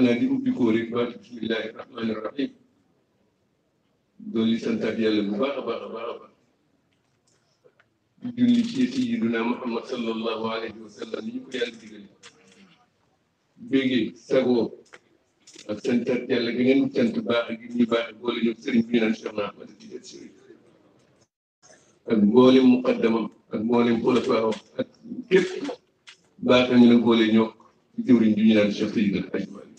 xanaa di ubbi ko rek baatu bismillahi rahmaani rahim doolu santaat yàlla bu baax a baax a baax a baax di julli ci sayyiduna Muhammad sallallahu alayhi wa sallam ni ñu ko yàlla digal bégee sagoo ak santaat yàlla gi ngeen sant baax gi ñu baax boole ñoom sëriñ bi ñu naan Cheikh Ahmad Tidiane Chérif ak mboolem muqaddamam ak mboolem xulafaawam ak képp baax ñu la boole ñoo jëwriñ bi ñu naan Cheikh Seydina Hadj Malick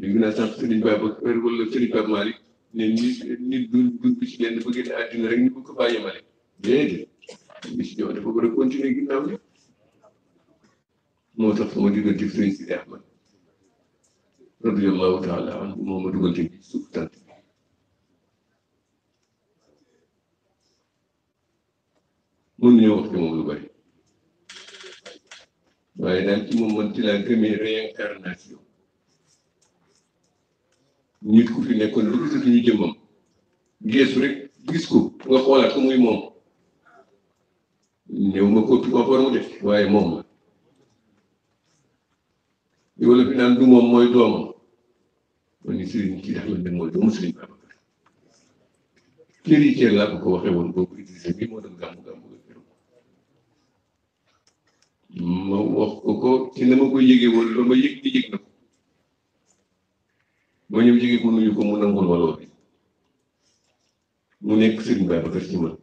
léegi ngi naan sant ba kër wala Serigne Pape Malick nit nit du dund ci lenn ba génn àddina rek ñu bëgg ko faa yemale déedéet ñu si ñëw dafa war a continuer ginnaaw li moo tax sama diggante ak Serigne Sidi Ahmad radiyallahu taala anhu moo dugal ci moom lu bari waaye daal ci moom man ci laa gëmee réincarnation nit ku fi nekkoon ba gisatuñu jëmmam geesu rek gis ko nga xoolaat ko muy moom néew ma ko tubaab mu def waaye moom la li wala fi naan du moom mooy doomam man ni sëriñ ci daxman da mooy kër yi ceer laa ko ko waxee woon boobu Idrissa bi moo wax ko ko ci na ma ko yëgee woon loolu ma yëg yëg na ba ñëw jigi ko nuyu ko mu nangul walo loolu mu nek nekk ba Babacar ci man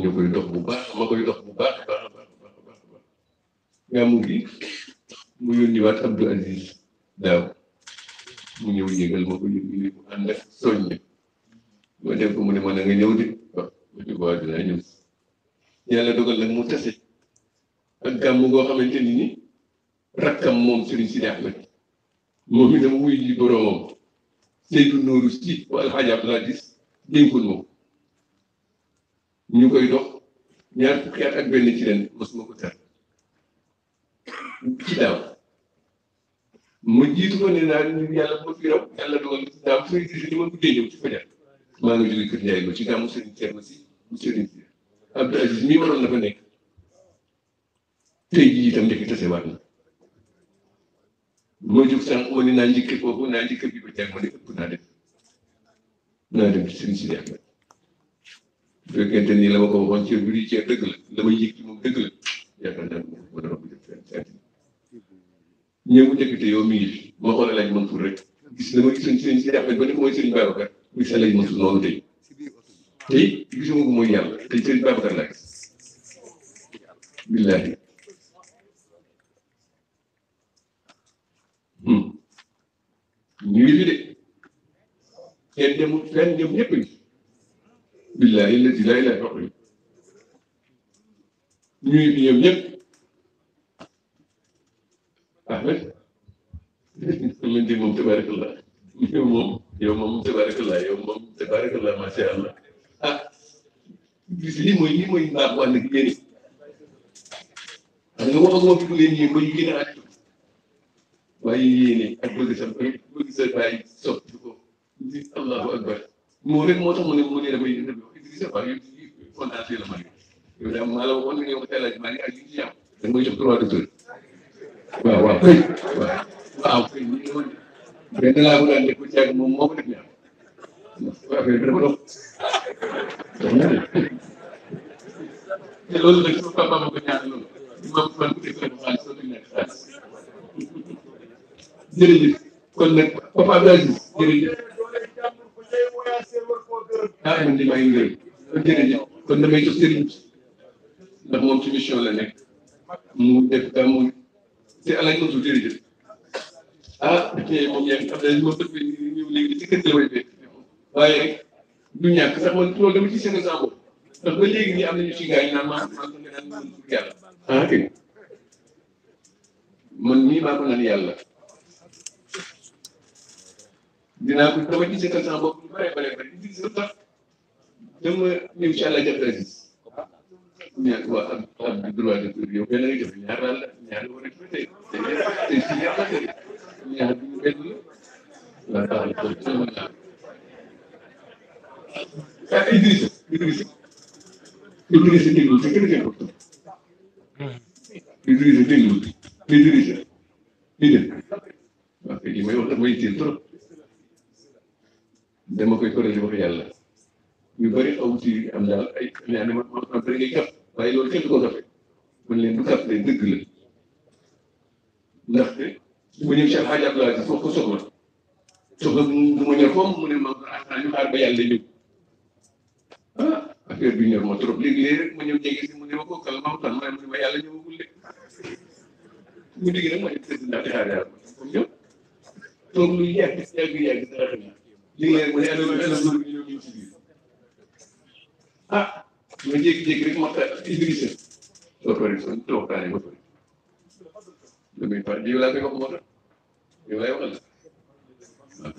ñu koy dox bu baax ma koy dox bu baax baax mu baax gi mu yoni wat Abdou Aziz daw mu ñew yegal ma ko ñu ñu ko and ak soññ ma dem ko mu ne ma na nga ñew di waaw ci ne waaw ñu yalla dogal nak mu tassé ak gam go xamanteni ni rakam mom serigne sëriñ Sidi Ahmed moom itam wuy ji boroomam saytu nooru si bu alxaaji Abdoulaye Diis dénkul moom ñu koy dox ñaar fukki at ak benn ci leen mosuma ko ter ci daaw ma jiitu ko ne naa ni yàlla bu ma fi raw yàlla dogal ci daaw fay gis li ma guddee ñëw ci fajar maa ngi jóge kër Njaay ba ci gàmmu Serigne Thierno si bu Serigne si Abdou Aziz mii waroon na fa nekk tey jii itam njëkk tasewaat na ma jóg sànq ni naa njëkk boobu naa njëkk bi ko jàng ma ne ëpp naa def naa dem ci si def bu fekkente ni la ma ko waxoon ci biir dëgg la la ma yëg moom dëgg la yaakaar naa ne moom dama ko def fenn si àddina ñëw député yow mi ngi fi ma xool laaj Mansour rek gis na ma gisoon sëñ si def ba def mooy sëñ Babacar muy sa laaj Mansour noonu tey tey gisuma ko mooy yàlla tey sëñ Babacar laa gis billaahi ñu ngi de kenn dem ñëpp gi billahi la lay lay wax ñu fi ñëw ñëpp ahmed leen di moom moom tabarakallah yow moom tabarakallah ma sha allah ah gis lii mooy lii mooy mbaax wax nag yéen xam nga wax ak moom fi mu leen ñëw ba ñu gën a waaye yéene ak bëgg sam Idrissa Baye soppi ko allahu akbar moo rek moo tax mu ne mu ne damay interview Idrissa Baye yow ci fondateur la ma ne yow daal maa la waxoon nga ma teel a maa ngi ak li ci yàqu. da nga may jox trois docteurs waaw waaw kay waaw waaw kay ñu ngi woon benn laa ko daan def bu jàng moom moo ko def ñaar waaw kay dafa dox te loolu nag sama papa ma ko ñaan loolu ma man ku def xaalis soo nekk xaalis jërëjëf kon nag Papa Abdou Aziz jërëjëf ah man de maa ngi ngërëm kon jërëjëf kon damay jox sëriñ bi ndax moom ci mission la nekk mu def daa mu te alaay mosul jërëjëf ah moom yaa ngi xam ne moom dafa ñëw léegi ci kër gi la dama ci seen exemple ndax ba léegi nii am nañu ci gars yi naan maa maa ngi naan yàlla ah, dinaa ko dama gisee comme sama bopp yu bare bare bare di gis sax dama ñëw ci àlla jàpp Aziz ñaar waa am am bi droit de tour yow benn nga jëf ñaar daal la ñaar la war a jëf tey te ñaar la tey ñaar bi ñu benn la la taxal ko ci sama ñaar ah Idriss Idriss Idriss déglu te gën a gën a Idriss déglu Idriss Idriss waaw kay may wax dama yitteel trop dama koy corrigé wax yàlla ñu bari aw ci am daal ay xanaa ne man man bëri ngay kap waaye loolu kenn du ko kape man leen du kap leen dëgg la ndaxte bu ñëw Cheikh Hadj Abdoulaye foofu ko soxla soxla mu ma foofu mu ne ma yàlla ñëw ah affaire bi ñor ma trop léegi-léegi ñëw jege ko kal yàgg yàgg yàgg dara xëy na liggéey rek bu dee doo doon doo ci biir ah nga jékki-jékki rek ma Idrissa soo pare soo toog pare ba pare lu muy pare jiw laa koy wax moo tax jiw laay waxal la ok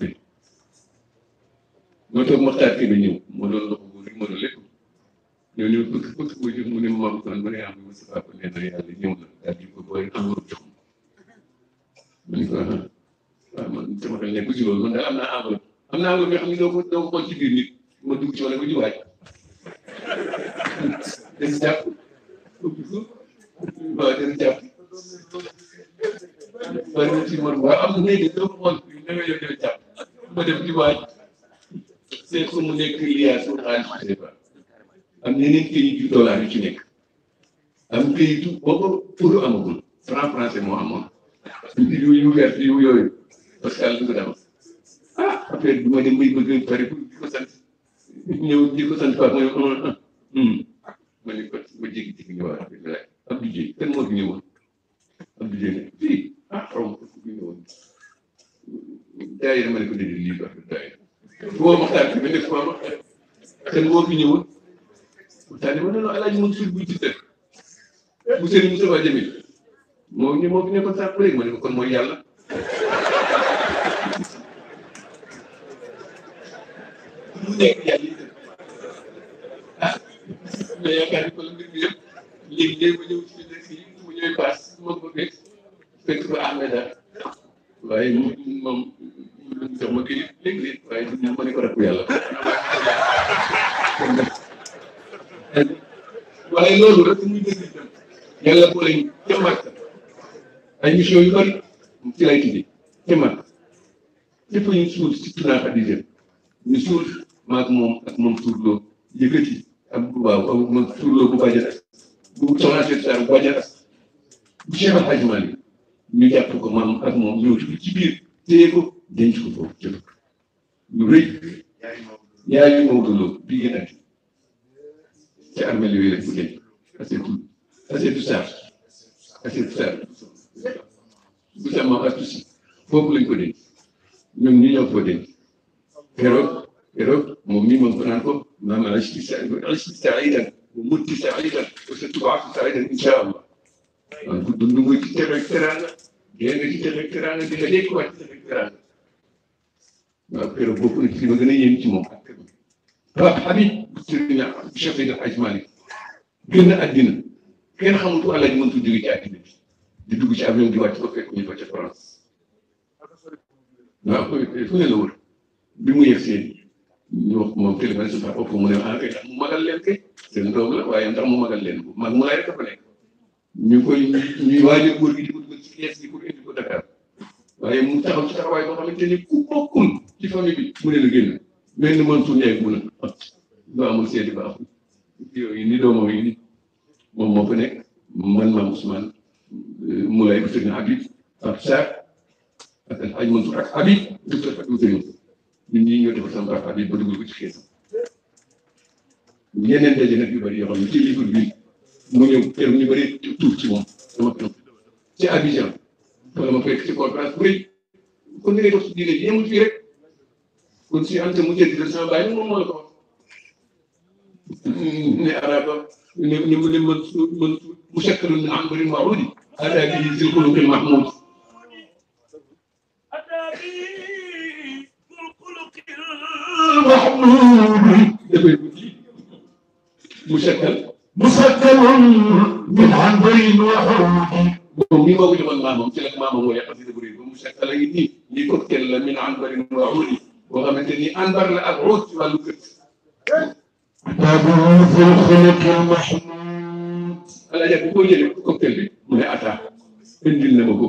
moo tax Maxtaar ki bi ñëw moo doon loxo góor rek moo doon lépp ñëw ñëw bëgg bëgg boo jóg mu ne maam kon ma ne ah ma sa papa nee na yàlla ñëw na daal di ko booy amul jox ma ne ko ah waaw ah, man sama xel ne bu ci loolu man daal am naa enveloppe am naa loolu nga xam ne doo ko doo ko xool ci biir nit ma dugg ci wala ko jiwaay dañ jàpp waaw dañ jàpp bari na ci man waaw am na léegi doo ko xool bi nanga yow doo jàpp ma dem jiwaay seet su mu nekk liyaar su xaalis bi ba am yeneen këyit yu dollars yu ci nekk am këyitu boo ko pour amagul franc français moo amoon yu yu vert yu yooyu parce que àll du ko après bi ma dem bay bëgg pare di ko sant ko sant Pape ma ne ko ko ba jékki-jékki ñëwaat bi laaj ne fii ah xaw ma ko fi ma ne ko déedéet lii ba daayira boo waxtaan bi ma nekk ma ne non El Hadj Mansour bu ci def bu seen Moustapha Jamil moo moo fi nekkoon sax ba léegi ma ne ko kon mooy yàlla. ah mais yaakaar saya Colombie bi yëpp léegi punya ma ñëw sini punya pas, mu ñëwee paas ma bëggee fekk ba amee dara waaye moom lu mu jox ma kii léegi-léegi waaye dina ma ne ko rakku yàlla. waaye loolu rek muy dégg itam yàlla boole ñu ca Makka ay mission yu bari ci lay tuddee maag moom ak moom tuurloo yëkkati ak waaw ak moom tuurloo bu bàjjal ak bu soxna Seydou Sarr bu bàjjal ak Mali ñu jàpp ko maam ak moom ñëw ci biir téye ko denc ko foofu jël ko lu rëy yaayu Maodo Lo bii gën a ji te armel yooyu rek bu denc aseetu aseetu Sarr aseetu Sarr bu sama astu si foofu lañ ko denc ñoom ñu ñëw يا ممي من ضمنكم مهما عشت سعيدا عشت سعيدا ومت سعيدا وستبعث سعيدا ان شاء الله انا كنت المفروض انه مو تتبع كترانا لانك تتبع كترانا بيديك وانت تتبع كترانا غير ربكم في مغنية انتم راب حبيب سيدنا شفيع الحاج مالك قلنا ادينا كان خمطوا على جمنت دوجي تاع دي دوجي تاع افيون دي واتش فيك ني فرنسا ما كل فين الاول بمو يفسد ñu wax moom téléphone su papa mu ne ah kay tax mu magal leen kay seen doom la waaye ndax mu magal leen ko mag mu lay rek fa nekk ñu koy ñuy waajal góor gi di ko dugal ci kees gi pour indi ko Dakar waaye mu taxaw ci taxawaay boo xamante ni ku bokkul ci famille bi mu ne la génn benn man suñu yeeg mu ne lu amul seeti baaxul yooyu ni doomam yi ni moom fa nekk man maam Ousmane eh, mu lay ko sëñ Habib Pape Sarr ak Hadj Mansour ak Habib docteur Fatou Seye ñun ñii ñoo defar sama bàkkaar yi ba dugal ko ci xeesam yeneen daje nag yu bëri yoo xam ne ci livre bi mu ñëw kër ñu bëri tuur ci moom dama toog ci Abidjan wala ma fekk ci conférence bu rëy kon ni ngay dox ci diine ji yemul fii rek kon ante mu jënd dal sama bàyyi moom moo la ko ne araba ne ne mu ne man su man mu seqaloon ne am bëri maa wala di. attaque yi zirkulu kil mahmoud المحمود مشكل مسكل من عنبرين وحوت moom nii moo ko joxoon maamam ci nag maamam mooy xasida bu réy ba mu seqal yi nii lii cocktail la min anbarin wa uudi boo xamante ni anbar la ak ruut ci wàllu kër. ataabu fil xuluqil mahmud. alaaja bu ko jëlee cocktail bi mu ne ataa indil na ma ko.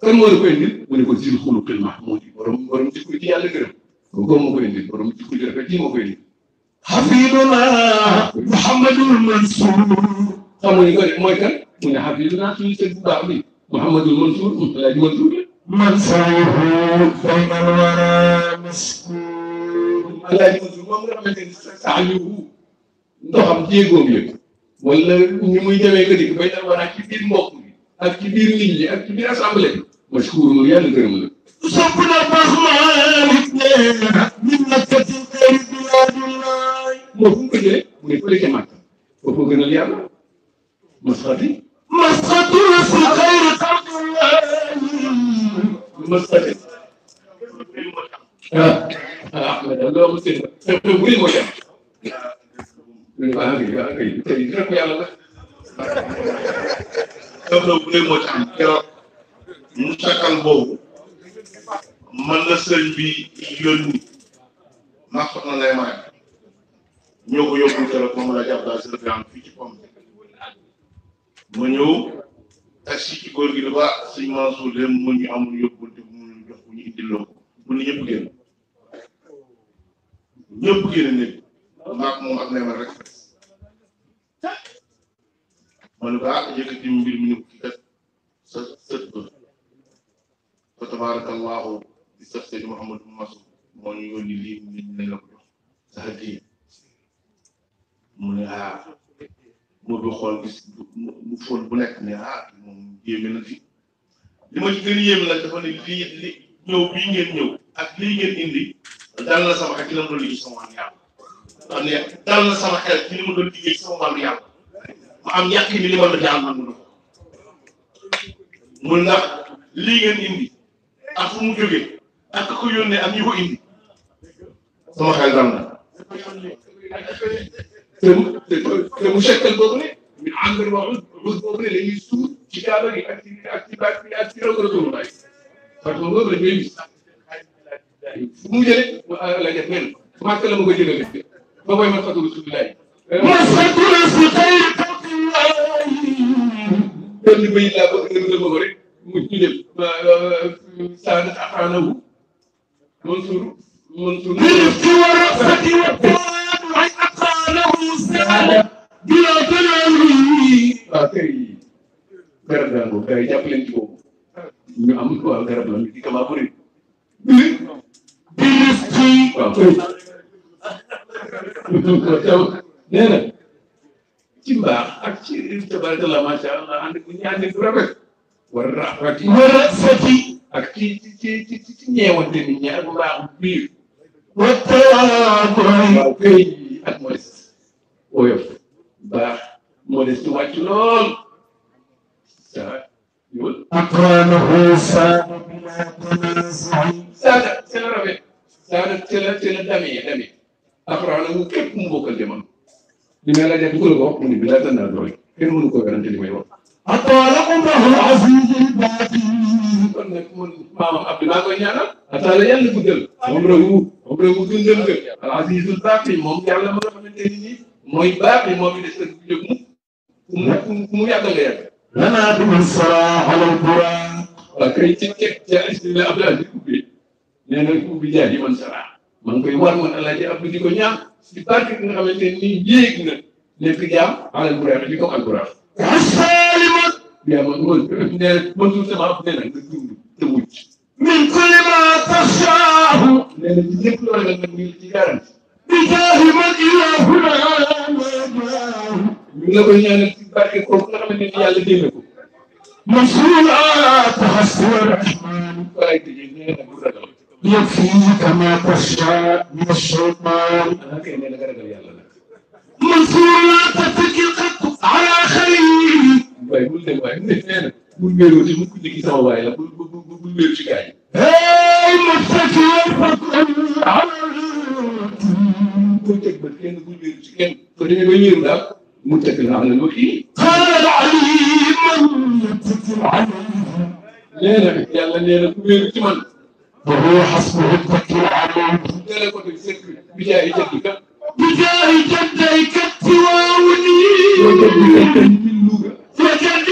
kan moo la ko indil mu ne ko zil xuluqil mahmud borom borom jikko ji yàlla gërëm. kooku moo koy indi borom jikko ju rafet ji moo koy indi xafiduna muhammadul mansour xam nga ni ko mooy kan mu ne xafiduna suñu sëñ bu baax bi muhammadul mansour laa ji mansour la man sawru baynal wara miskur laa ji mansour moom nga xamante ni saa yu ndoxam jéegoom yëpp wala ñu muy demee ka dikk baynal wara ci biir mbokk bi ak ci biir nit ñi ak ci biir assemblée bi mashkuur yàlla gërëm la sopp na min makkati xayri biladillahi moo fu mu ko jëlee mu ne fële ca màkk foofu gënal yàlla masxati masxatu fi xayri xalqillahi masxati ah ah loolu sëñ bi bu leen moo jàpp ñu ko ah kay ah kay tey dina ko yàlla la loolu bu leen moo jàpp keroog mu sakkal boobu mën na sëñ bi yónni max na lay mara ko yóbbul keroog moom la jàpp daal seen fii ci pomme ma ñëw taxi ci góor gi dafa ah, sëñ Mansour leen mu ñu amul yóbbul te mu ñu jox bu ñu indil mu ne ñëpp génn ñëpp génn nekk maak moom ak neymar rek man ko ah yëkkati mbir mi ni ko kat sa sët ba fa tabaarakallahu di sax Seydi Mouhamadou Mansour moo ñu yónni lii ñu ne la ko jox sa hadiya mu ne ah mu du xool gis mu fóon bu nekk ne ah moom yéeme na fi li ma ci gën a yéeme nag dafa ne li ñëw bii ngeen ñëw ak lii ngeen indi dal na sama xel ci la am yàq mun ndax lii ngeen indi ak fu mu jógee ak ko yónnee ak ñi ko indi sama xel dal na te te mu sekkal boobu ne min àndal wa ud ud boobu ne dañuy suur ci kaaba gi ak ci ak ci baat bi ak ci raw rasul laay parce que boobu dañ koy gis fu mu jële la def men màkk la ma ko jëgale ba booy man fatu rasulillahi masakuna su tay benn bay laa bëgg nga la ma ko rek mu ñu dem saa na taxaanawu منصور منصور والرفة والطاعة وإن أقاله السعادة بلا تنامي باكري garab daa boobu gars yi jàpp leen ci boobu ñu am waaw garab la ñu di kama bëri waaw taw nee na ci mbaax ak ci tabaraka la macha allah ànd bu ñu ànd bu rafet war rafet war rafet ak ci ci ci ci ci ñeewante nit ñi ak mbaax biir. waaw kay ak modeste. oyof baax modeste wàcc lool. saada saada c'est saada c'est la c'est la damee damee. akraamahu képp mu bokkal demam. li may laajee ku la wax mu ne bilaa tanaazui kenn mënu ko werante li may ataala umrahu azizil batin kon nag man maamam abdi maa koy ñaanal ataala yàlla guddal umrahu umrahu dundal nga al azizul batin moom yàlla ma nga xamante ni nii mooy baati moom i des nag bu jóg mu ku mu ku mu yàgg nga yàgg lanaa duma saraa alal buraq waa kay ci teg ca la abdi abdi ubbi nee na ubbi jaay yi man saraa maa ngi koy war man alaaji abdi di ko ñaan si barke nga xamante ni yéeg na nekk jaam alal buraq di nee ma nee Mansour Sy ma nee na nga dund te wucc min kulli ma tashaahu nee na ci lépp loo leen nag ñu ngi ci garanti bi jaahi man ilahuna ñu la koy ñaanal ci barke kooku nga xamante ne yàlla dégg ko مسؤول تحسر الرحمن يكفيك ما تشاء من الشيطان مسؤول لا تتكل قط على خير waay bul dem waay nee na bul wéeru ci bul njëkk sama waay la bul bul bul wéeru ci gars yi. boo teg ba kenn bul wéeru ci kenn soo demee ba ñëw daal mu teg la am na loo kii. nee na yàlla nee na ku wéeru ci man. وهو حسبه التكل عليه بجاه جدك بجاه جدك التواوني وجدك من لغة Nyari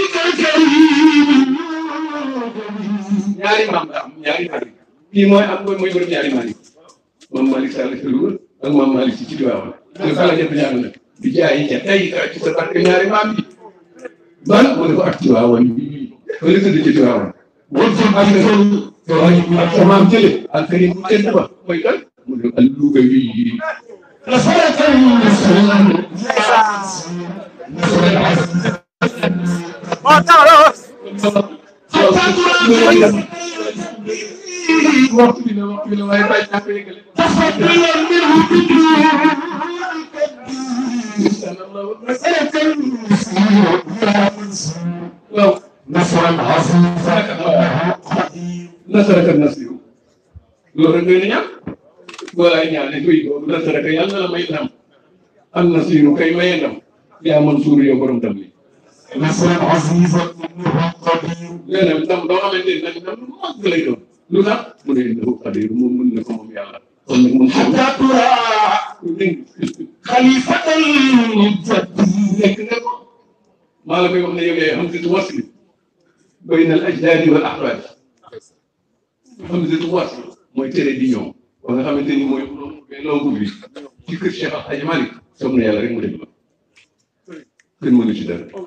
الكريم nyari maam la am ñaari mari bi mooy am mooy mooy borom ñaari mari moom malik sall ci lour ak moom malik ci tiwaaw ñu fa la jëf ñaar nak di jaay ja tay ci sa barke ñaari maam bi ban mo ko ak tiwaaw bi ko le ci tiwaaw won ko am na ko ay ak maam jële ak karim kenn Mataros waxtu bi la waxtu bi la waaye bàyyi naa ko yëgale waaw nasaraka nasiru loolu rek doy na ñaan boolaay ñaane doy nasaraka yàlla na la may ndam am nasiru kay maye ndam yaa man suuru yow borom tam li nasran azizan innahu qadir nee na ndam boo xamante ni nag ndam lu mag lay doon lu tax mu ne innahu qadir moom mën na ko moom yàlla kon nag moom xam naa tura xalifatan min jaddi nekk nga ko maa la koy wax ne yow yaay hamzatu wasli bayna al ajdaadi wal ahwaad hamzatu wasli mooy tere di ñëw ba nga xamante ni mooy longu bi ci kër Cheikh Al Hadj Malick soog na yàlla rek mu dem la kenn mënu ci dara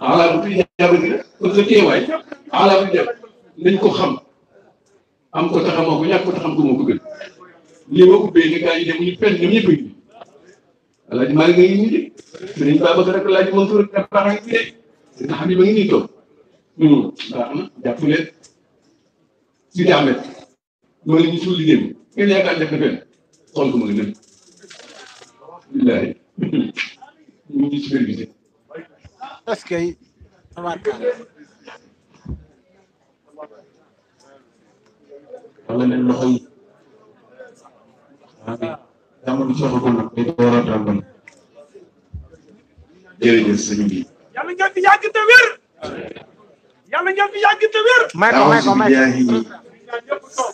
alaama tuy jaaba gi la kon sa teewaay alaama tuy jaaba nañ ko xam am ko taxamoo ko ñàkk ko taxam ko moo ko gën lii ma ubbee ne gaa dem ñu pen ñoom ñëpp a ngi alaaji maa ngi nii de sëriñ Babacar ak alaaji Mansour ak Dabakh ak de sëriñ Habib a ngi nii toog baax na jàpp leen si daamet ma la ñu suuli dem ngeen yaakaar def na fenn ko ma gën a billahi ñu ngi ci dadkay jërëjëf sëñ bi yàlla ngeen fi yàgg te wér yàlla ngeen fi yàgg te wér may ko may ko may ko